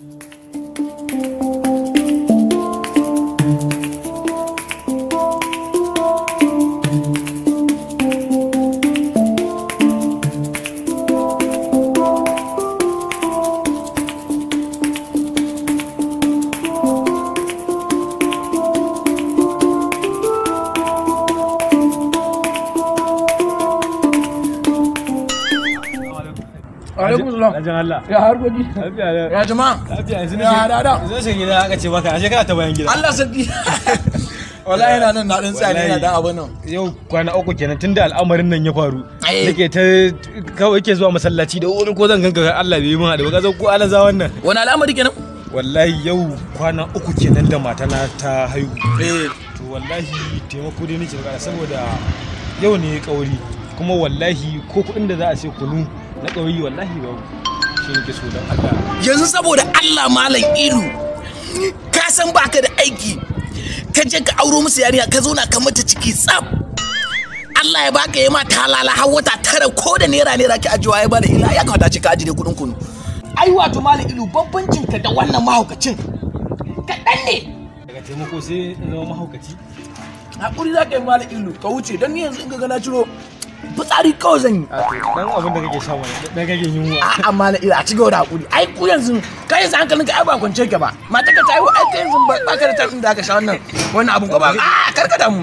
Thank you. alaikum salam ajin Allah ya harkoki ya jama'a ya dada zan shiga gida aka ce baka ashe kana ta bayan gida Allah sabbi wallahi yana nan na dan tsani yana dan abin nan yau kwana uku kenan tunda al'amarin nan ya faru Nake ta kawai ke zuwa masallaci da wuri ko zan ganka Allah bai yi min da ka zo ko alaza wannan wani al'amari kenan wallahi yau kwana uku kenan da mata na ta haihu eh. to wallahi taimako dai nake bukata saboda yau ne kauri kuma wallahi ko kuɗin da za a ce kunu na ƙauyi wallahi babu shi nake so don Allah yanzu saboda Allah malam ilu ka san baka da aiki ka je ka auro musu yarinya ka zauna ka mata ciki tsaf Allah ya baka yi ma talala har wata tara ko da naira naira ki ajiwa ya da ila ya kamata ci ka ajiye kudin kunu ai wato malam ilu bambancin ka da wannan mahaukacin kaɗan ne daga taimako sai zama mahaukaci hakuri za ka yi malam ilu ka wuce don ni yanzu in ka gana ciro fitsari kawai zan yi dan abin da kake samu da kake yunwa a amma na ira a ci gaba da hakuri ai ku yanzu ka yanzu hankalin ka ai ba kwance ka ba mata ka tayi ai kai yanzu ba ka da tafin da aka sha wannan wannan abin ko ba a karka damu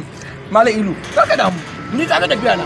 malam ilu karka damu ni ta ga tafiya na